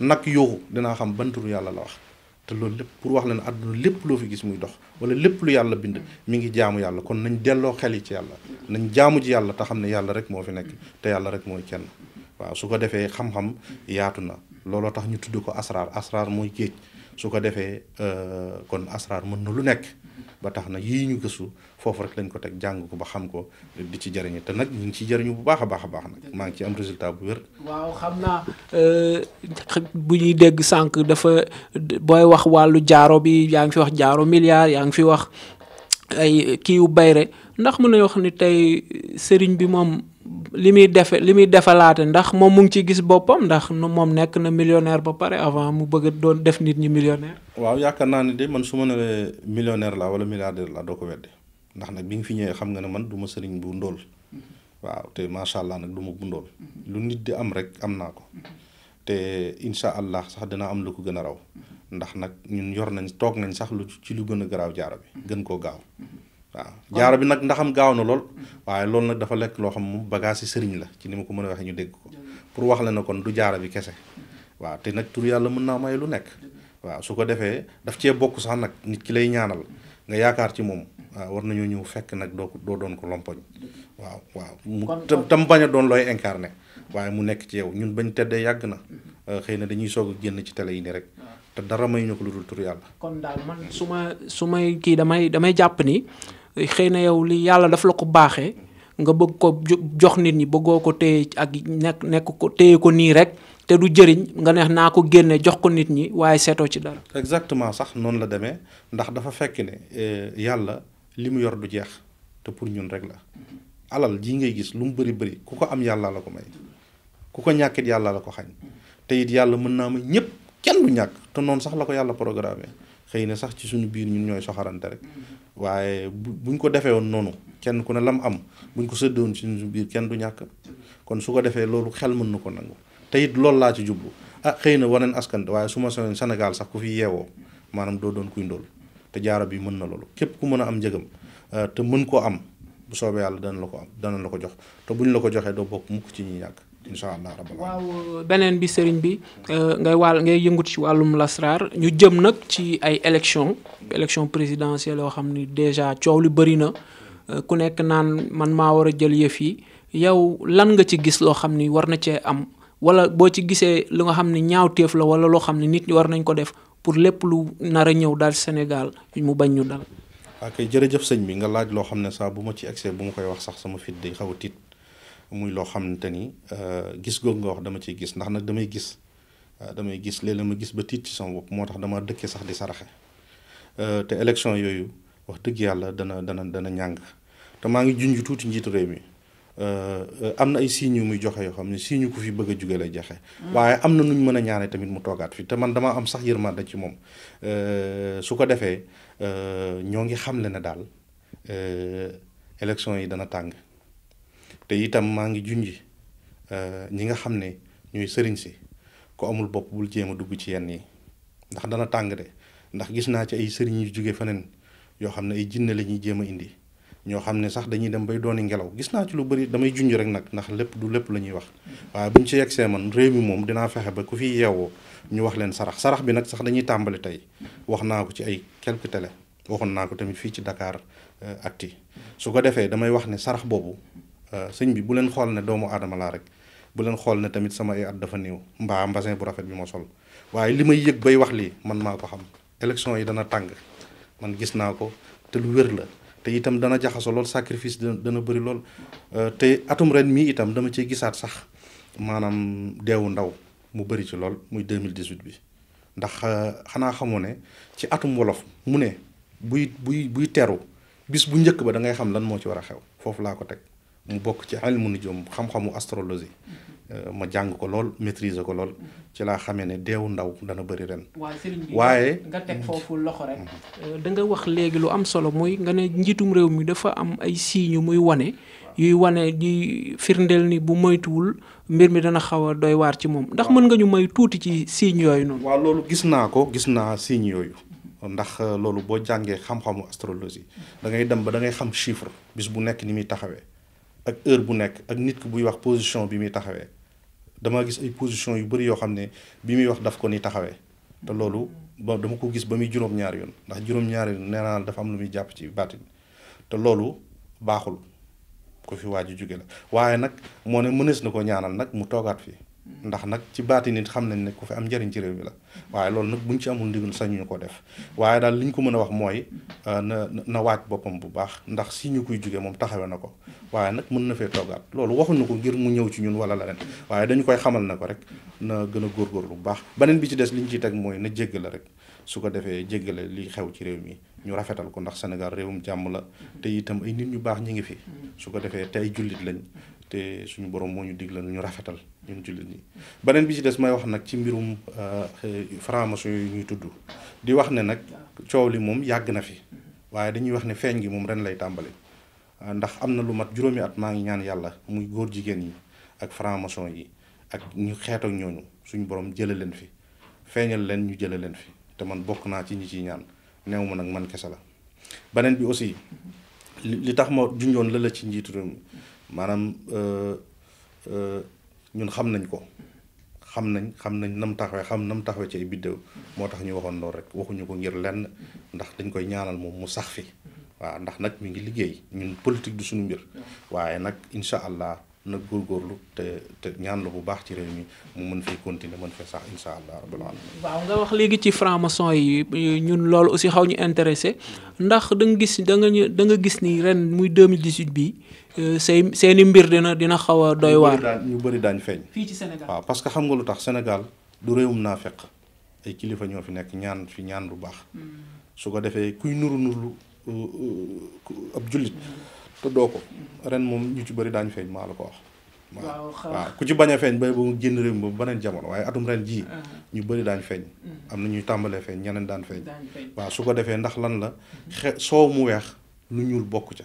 nag yooxu dinaa xam ban turu yàlla la wax te loolu lépp pour wax la ne àdduna lépp loo fi gis muy dox wala lépp lu yàlla bind mi ngi jaamu yàlla kon nañ delloo xel yi ci yàlla nañ jaamu ji yàlla te xam ne yàlla rek moo fi nekk te yàlla rek mooy kenn waaw su ko defee xam-xam yaatu na looloo tax ñu tudd ko asraar asraar mooy géej su ko defee euh, kon asraar mën na lu nekk ba tax na yii ñu gëstu foofu rek lañ ko teg jàng ko ba xam ko di ci jëriñu te nag ñu ngi ciy jëriñu bu baax a baax a baax nag maa ngi ci am résultat bu wér. waaw xam naa euh, bu ñuy dégg sànq dafa booy wax wàllu jaaro bi yaa ngi fi wax jaaro milliard yaa ngi fi wax ay kii yu bayre ndax mën nañu wax ni tey sëriñ bi moom. li muy defe li muy defalaate ndax moom mu ngi ci gis boppam ndax moom nekk na millionnaire ba pare avant mu bëgg doon def nit ñi millionnaire. waaw yaakaar naa ne de man su ma nee millionnaire laa wala milliardaire laa doo ko wedde ndax nag bi nga fi ñëwee xam nga ne man duma ma sëriñ bu ndool mm-hmm. waaw te macha allah nag du ma bu ndóol mm-hmm. lu nit di am rek am naa ko mm-hmm. te incha allah sax dina am lu ko gën a raw ndax nag ñun yor nañ toog nañ sax lu ci lu gën a garaaw jaaro bi gën koo gaaw. waaw jaaro bi nag ndaxam gaaw na lool waaye loolu nag dafa lekk loo xam moom bagage sëriñ la ci ni ma ko mën a waxee ñu dégg ko pour wax la ne kon du jaaro bi kese waaw te nag tur yàlla mën naa may lu nekk waaw su ko defee daf cee bokk sax nag nit ki lay ñaanal nga yaakaar ci moom waaw war nañoo ñëw fekk nag doo doo doon ko lompoñ waaw waaw mu tam bañ doon looy incarné waaye mu nekk ci ñun bañ teddee yàgg na mm-hmm. xëy na dañuy soog a génn ci télé yi rek te dara may ñu ko lu dul tur su ma su may kii damay damay jàpp ni xëy na yow li yàlla daf la ko baaxee nga bëgg ko jox nit ñi bëggoo ko téye ak nekk nekk ko téye ko nii rek te du jëriñ nga neex naa ko génne jox ko nit ñi waaye seetoo ci dara. exactement sax noonu la demee ndax dafa fekk ne eh, yàlla li mu yor du jeex te pour ñun rek la alal jii ngay gis lu mu bëri bëri ku ko am yàlla la ko may ku ko ñàkkit yàlla la ko xañ te it yàlla mën naa ma ñëpp kenn lu ñàkk te noonu sax la ko yàlla programmé. xëy na sax ci suñu biir ñun ñooy soxarante rek mm-hmm. waaye bu buñ ko defee woon noonu kenn ku ne lam am buñ ko sëddoon ci suñu biir kenn du ñàkk kon su ko defee loolu xel mën na ko nangu te it loolu laa ci jublu ah xëy na waneen askan waaye suma ma sonoon sax ku fi yeewoo maanaam doo doon kuy ndool te jaara bii mën na loolu képp ku mën a am njëgam ah, te mën koo am bu soobee yàlla dana la ko am dana la ko jox te buñ la ko joxee doo bokk mukk ci ñi ñàkk incha allah waaw beneen bi sëriñ bi euh, ngay wàll ngay yëngut ci wàllum lastar ñu jëm nag ci ay élection élection présidentielle yoo xam ni déjà coow li bëri na euh, ku nekk naan man maa war a jël yëf yi yow lan nga ci gis loo xam ni war na cee am wala boo ci gisee lu nga xam ni ñaawteef la wala loo xam ni nit ñi war nañ ko def pour lépp lu nar a ñëw daal Sénégal mu bañ ñu dal. ok jërëjëf sëñ bi nga laaj loo xam ne saa bu ma ci excès bu ma koy wax sax sama fit day xaw a muy loo xamante ni euh, gis goog nga wax dama ciy gis ndax nag damay gis euh, damay gis léeg-léeg ma gis ba tiit ci sama bopp moo tax dama dëkkee sax di saraxe euh, te élection yooyu wax dëgg yàlla dana dana dana ñàng te maa ngi junj tuuti njiitu réew mi am na ay signes yu muy joxe yoo xam ne signes ku fi bëgg a jóge lay joxe. Mm. waaye am na nu ñu mën a ñaanee tamit mu toogaat fii te man dama am sax yërmande ci moom su ko defee ñoo ngi xamle ne daal élection yi dana tàng. te itam maa ngi junji euh, ñi nga xam ne ñooy sëriñ si ku amul bopp bul jéem a dugg ci yenn yi ndax dana tàng de ndax gis naa ci ay sëriñ yu jóge feneen yoo xam ne ay jinne la ñuy jéem a indi ñoo xam ne sax dañuy dem bay dooni ngelaw gis naa ci lu bari damay junj rek nag ndax lépp du lépp la ñuy wax waaye bu ñu ci yegsee man réew mi moom dinaa fexe ba ku fi yeewoo ñu wax leen sarax sarax bi nag sax dañuy tàmbali tey wax naa ko ci ay quelques télé waxoon naa ko tamit fii ci Dakar euh, Actu su ko boobu Euh, sëñ bi bu leen xool ne doomu aadama laa rek bu leen xool ne tamit sama ay at dafa néew mbaa mbasin bu rafet bi ma sol waaye li may yëg bay wax lii man maa ko xam élection yi dana tàng man gis naa ko te lu wér la te itam dana jaxaso lool sacrifice dana bëri lool euh, te atum ren mii itam dama cee gisaat sax maanaam deewu ndaw mu bëri ci lool muy 2018 bi ndax euh, xanaa xamoo ne ci atum wolof mu ne buy buy buy teru bis bu njëkk ba da ngay xam lan moo ci war a xew foofu laa ko teg mu bokk ci ilmu nujum xam-xamu astrologie mm-hmm. euh, ma jàng ko lool maîtriser ko lool mm-hmm. ci laa xamee ne deewu ndaw dana bëri ren. waaye sëriñ waaye foofu loxo mm-hmm. euh, da nga wax léegi lu am solo muy nga ne njiitum réew mi dafa am ay signes muy wane. yuy wane yuy firndeel ni bu moytuwul mbir mi dana xaw a doy waar ci moom ndax mën nga ñu may tuuti ci signes yooyu noonu. waaw loolu gis naa ko gis naa signes yooyu. ndax euh, loolu boo jàngee xam-xamu astrologie. da ngay dem ba da ngay xam chiffre bis bu nekk ni muy taxawee. ak heure bu nekk ak nit ki buy wax position bi muy taxawee dama gis ay position yu bëri yoo xam ne bi muy wax daf ko ni taxawee te loolu ba dama ko gis ba muy juróom-ñaari yoon ndax juróom-ñaari yoon nee naa dafa am lu muy jàpp ci bàttin te loolu baaxul ku fi waaju jóge la waaye nag moo ne mënees na ko ñaanal nag mu toogaat fii ndax nag ci baati nit xam nañ ne ku fi am njëriñ ci réew mi la waaye loolu nag buñ ci amul ndigal sañuñu ko def waaye daal li ñu ko mën a wax mooy euh, na na waaj boppam bu baax ndax si ñu koy jógee moom taxawe na ko waaye nag mën na fee toogaat loolu waxuñu ko ngir mu ñëw ci ñun wala la leen waaye dañu koy xamal na ko rek na gën a góorgóorlu bu baax beneen bi ci des li ci teg mooy na la rek su ko defee jéggale li xew ci réew mi ñu rafetal ko ndax Sénégal réewum jàmm la te itam ay ñu baax ñi ngi fi su ko defee te jullit lañ te suñu borom moo ñu dig la ñu rafetal ñun jullit ñi beneen bi ci des may wax nag ci mbirum euh, franc-maçon yu ñuy tudd di wax ne nag coow li moom yàgg na fi waaye dañuy wax ne feeñ gi moom ren lay tàmbali euh, ndax am na lu mat juróomi at maa ngi ñaan yàlla muy góor jigéen yi ak franc-maçon yi ak ñu xeetal ñooñu suñu borom jëlee leen fi feeñal leen ñu jëlee leen fi te man bokk naa ci ñi ci ñaan new ma nag man kese la beneen bi aussi li tax ma junjoon la la ci njiitu maanaam euh, euh, ñun xam nañ ko xam nañ xam nañ nam taxawee xam nam taxawee ci ay biddéew moo tax ñu waxoon loolu rek waxuñu ko ngir lenn ndax dañ koy ñaanal moom mu sax fi waaw ndax nag mi ngi liggéey ñun politique du suñu mbir waaye nag incha allah nag góor góorgóorlu te te ñaan la bu baax ci réew mi mu mën fee continuer mën fee sax incha allah rabbil alamin waaw nga wax léegi ci franc yi ñun loolu aussi xaw ñu intéressé ndax da gis da nga da nga gis ni ren muy 2018 bii. Euh, say seeni mbir dina dina xaw a doy waar. ñu bëri daañ feeñ. fii ci Sénégal parce que xam nga lu tax Sénégal du réewum naa feq ay kilifa ñoo fi nekk ñaan fi ñaan lu baax. Hmm. su ko defee kuy nuru nuru euh, euh, ab jullit. te doo ko ren moom ñu ci bëri daañ feeñ maa la ko wax. ku ci bañ a feeñ bay ba réew mi ba jamono waaye atum ren jii. Ah. ñu bëri daañ feeñ. Hmm. am na ñuy tàmbalee feeñ ñeneen daan feeñ. waaw su ko defee ndax lan la. xe soow mu weex lu ñuul bokk ca.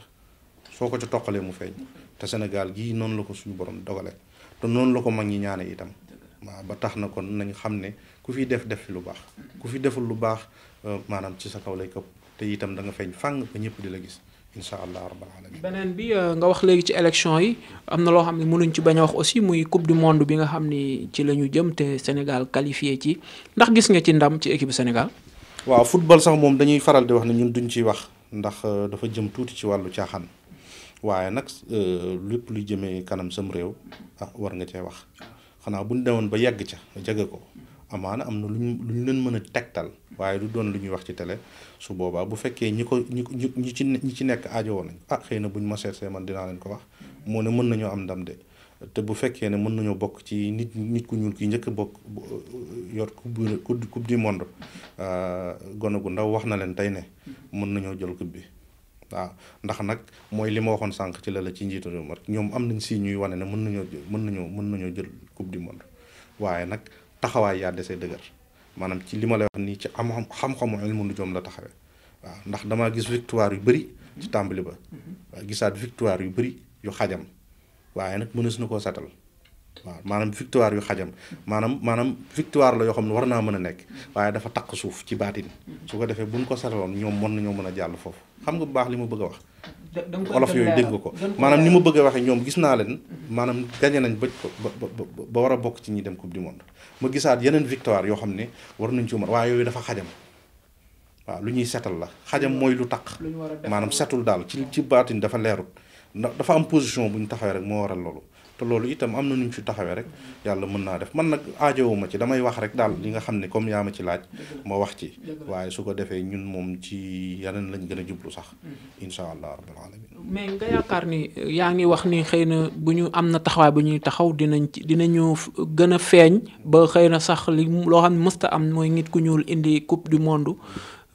foo ko ca toqalee mu feeñ te Sénégal gii noonu la ko suñu borom dogale te noonu la ko mag ñi ñaane itam waaw ba tax na kon nañ xam ne ku fi def def fi lu baax ku fi deful lu baax euh, maanaam ci sa kaw lay këpp te itam da nga feeñ fàng ba ñëpp di la gis incha allah rabbal alamin beneen bi euh, nga wax léegi ci élection yi am na loo xam ne mënuñ ci bañ a wax aussi muy coupe du monde bi nga xam ne ci la ñu jëm te Sénégal qualifié ci ndax gis nga ci ndam ci équipe Sénégal. waaw football sax moom dañuy faral di wax ne ñun duñ ciy wax ndax euh, dafa jëm tuuti ci wàllu caaxaan. waaye nag euh, lépp lu jëmee kanam sam réew ah war nga cee wax xanaa bu ñu demoon ba yegg ca jege ko amaana am na lu ñu lu leen mën a tegtal waaye lu doon lu ñuy wax ci tele su boobaa bu fekkee ñi ko ñi ci ñi ci nekk aajowoo nañ ah xëy na buñ ñu ma seetsee man dinaa leen ko wax moo ne mën nañoo am ndam de te bu fekkee ne mën nañoo bokk ci nit nit ku ñuul ki njëkk bokk euh, yor coupe coupe du monde euh, gone gu ndaw wax na leen tey ne mën nañoo jël coupe bi. waaw ndax nag mooy li ma waxoon sànq ci la la ci njiitu réew mi rek ñoom am nañ si ñuy wane na mën nañoo mën nañoo mën nañoo jël coupe du monde waaye nag taxawaay yaa desee dëgër maanaam ci li ma la wax nii ci am xam-xamu ilmu nujoom la taxawee waaw ndax damaa gis victoire yu bëri ci tàmbali ba mm-hmm. gisaat victoire yu bëri yu xajam waaye nag mënees na koo satal waaw maanaam victoire yu xajam maanaam maanaam victoire la yoo xam ne war naa mën a nekk waaye dafa taq suuf ci baatin su ko defee buñ ko saraloon ñoom mën nañoo mën a jàll foofu xam nga bu baax li ma bëgg a wax olof yooyu dégg nga ko maanaam ni ma bëgg a waxee gis naa leen mm-hmm. maanaam gagné nañ ba ba war a bokk ci ñi dem coupe du monde ma gisaat yeneen victoire yoo xam ne war nañ ci mën waaye yooyu dafa xajam waaw lu ñuy setal la xajam mooy lu taq maanaam setul daal ci ci baatin dafa leerut ndax dafa am position bu ñu taxawee rek moo waral loolu te loolu itam am na nu ñu fi taxawee rek yàlla mën naa def man nag aajowuma ci damay wax rek daal li nga xam ne comme yaa ma ci laaj ma wax ci waaye su ko defee ñun moom ci yeneen lañ gën a jublu sax incha allah rabbal alamin mais nga yaakaar ni yaa ngi wax nii xëy na bu ñu am na taxawaay bu ñuy taxaw dinañ ci dinañu gën a feeñ ba xëy na sax li loo xam ne mosta am mooy ngit ku ñuul indi coupe du monde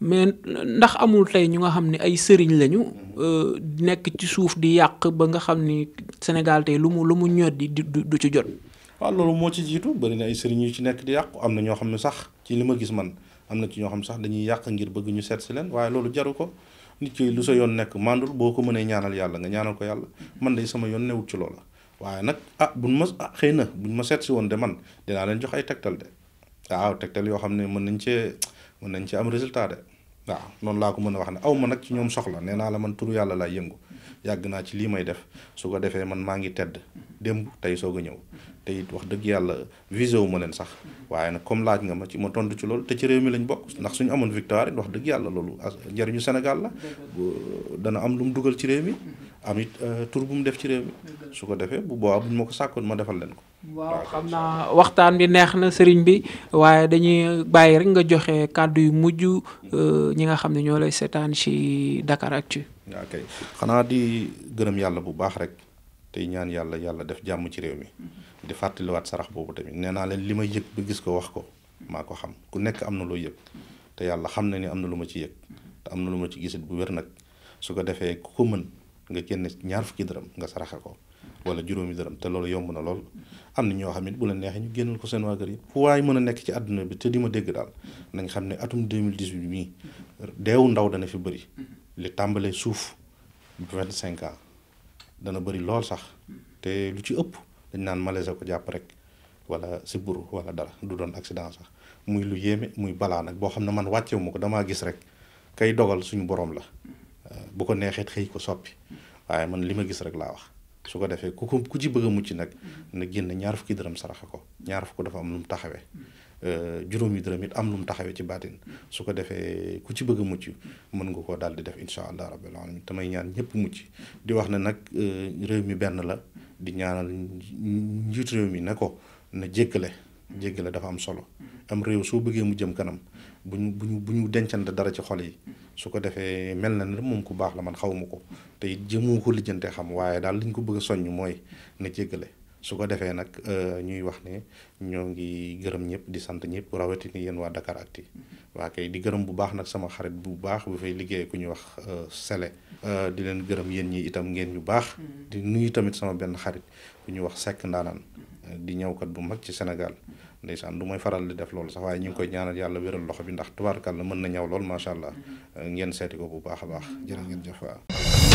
mais ndax amul tey ñu nga xam ne ay sëriñ lañu euh, nekk ci suuf di yàq ba nga xam ni Sénégal tey lu mu lu mu ñor di du du ci jot. waaw loolu moo ci jiitu bari na ay sëriñ yu ci nekk di yàq am na ñoo xam ne sax ci li ma gis man am na ci ñoo xam ne sax dañuy yàq ngir bëgg ñu seet si leen waaye loolu jaru ko nit ki lu sa yoon nekk mandul boo ko mënee ñaanal yàlla nga ñaanal ko yàlla man day sama yoon newut ci loola waaye nag ah bu buñ ma ah xëy na buñ ma seet si woon de man dinaa leen jox ay tegtal waaw tegtal yoo xam ne mën nañ cee mën nañ cee am résultat de waaw noonu laa ko mën a wax ne aw ma nag ci ñoom soxla nee naa la man turu yàlla laay yëngu yàgg naa ci lii may def su ko defee man maa ngi tedd démb tey soog a ñëw te it wax dëgg yàlla visé wu ma leen sax waaye nag comme laaj nga ma ci ma tontu ci loolu te ci réew mi lañ bokk ndax suñu amoon victoire it wax dëgg yàlla loolu njëriñu Sénégal la dana am lu mu dugal ci réew mi am it euh, tur bu mu def ci réew mi su ko defee bu boobaa buñ ma ko sàkkoon ma defal leen ko. waaw xam naa waxtaan bi neex na sëriñ bi waaye dañuy bàyyi rek nga joxe kàddu yu mujj mm. euh, ñi nga xam ne ñoo lay seetaan ci Dakaractu. xanaa di gërëm yàlla bu baax rek tey ñaan yàlla yàlla def jàmm ci réew mi mm-hmm. di fàttaliwaat sarax boobu tamit nee naa leen li ma yëg ba gis ko wax ko maa ko xam ku nekk am na loo yëg mm-hmm. te yàlla xam na ni am na lu ma ci yëg mm-hmm. te am na lu ma ci gisit bu wér nag su ko defee ku ko mën. nga génn ñaar fukki dërëm nga saraxe ko wala juróomi dërëm te loolu yomb na lool am na ñoo xam it bu la neexee ñu génnal ko seen waa kër yi fu waaye mën a nekk ci àdduna bi te di ma dégg daal nañ xam ne atum 2018 mii deewu ndaw dana fi bëri li tàmbalee suuf vingt cinq ans dana bëri lool sax te lu ci ëpp dañ naan malaise ko jàpp rek wala siburu wala dara du doon accident sax muy lu yéeme muy balaa nag boo xam ne man wàccewu ma ko damaa gis rek kay dogal suñu borom la bu ko neexee xëy ko soppi waaye man li ma gis rek laa wax su ko defee ku ko ku ci bëgg a mucc nag na génn ñaar fukki dërëm saraxa ko ñaar fukk dafa am lu mu taxawee euh, juróomi dërëm it am lu mu taxawee ci baatin su ko defee ku ci bëgg mucc mën nga koo daal di def incha allah rabbil alamin tamay ñaan ñëpp mucc di wax ne nag euh, réew mi benn la di ñaanal njiitu réew mi ne ko na jéggale jéggale dafa am solo am réew soo bëggee mu jëm kanam bu ñu bu ñu bu ñu dencante dara ci xol yi su ko defee mel na ne moom ku baax la man xawuma ko tey it ko lijjante xam waaye daal li ko bëgg a soññ mooy na jéggale su ko defee nag euh, ñuy wax ne ñoo ngi gërëm ñëpp di sant ñëpp rawatina yéen waa dakar Dakaractu waa kay di gërëm bu baax nag sama xarit bu baax bu fay liggéey ku ñuy wax euh, Sele euh, di leen gërëm yéen ñi itam ngeen ñu baax mm-hmm. di nuyu tamit sama benn xarit ku ñuy wax sekk Ndaanaan di ñëwkat bu mag ci Sénégal ndeysaan du mooy faral di def loolu sax waaye ñu ngi koy ñaanal yàlla wéral loxo bi ndax tubaarkàlla mën na ñaw lool macha allah mm-hmm. ngeen seeti ko bu baax a baax jërë ngeen jëf waaw